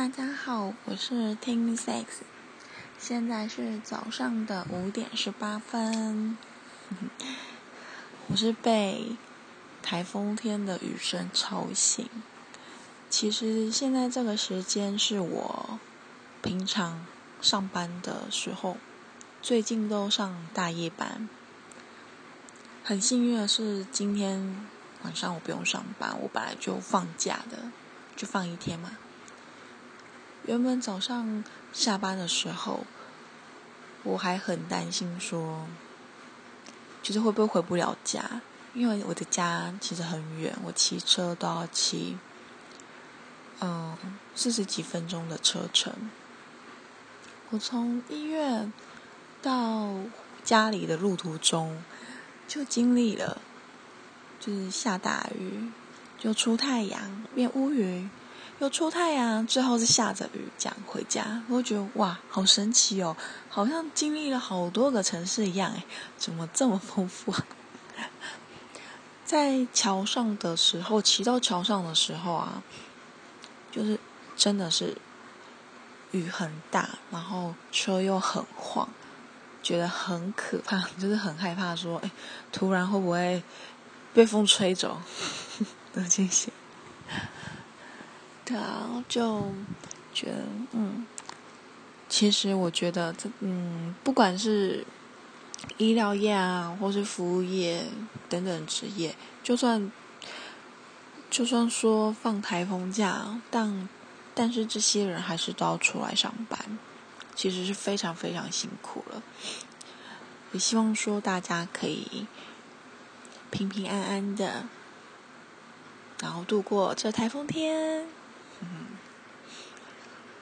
大家好，我是 Tim Six，現在是早上的五點十八分。我是被颱風天的雨聲吵醒。其實現在這個時間是我平常上班的時候，最近都上大夜班。很幸運的是，今天晚上我不用上班，我本來就放假的，就放一天嘛。原本早上下班的時候，我還很擔心說，其實會不會回不了家，因為我的家其實很遠，我騎車都要騎，嗯，四十幾分鐘的車程。我從醫院到家裡的路途中，就經歷了，就是下大雨，就出太陽，變烏雲。有出太陽，最後是下着雨這樣回家，我覺得哇，好神奇哦，好像經歷了好多個城市一樣哎，怎麼這麼豐富啊？在橋上的時候，騎到橋上的時候啊，就是真的是雨很大，然後車又很晃，覺得很可怕，就是很害怕說，哎、欸，突然會不會被風吹走，呵呵的驚險。然後就覺得嗯，其實我覺得這嗯，不管是醫療業啊，或是服務業等等職業，就算就算說放台風假，但但是這些人還是都要出來上班，其實是非常非常辛苦了。也希望說大家可以平平安安的，然後度過這台風天。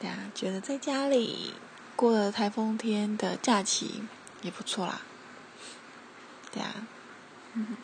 對啊，覺得在家裡過了颱風天的假期也不錯啦。對啊，嗯哼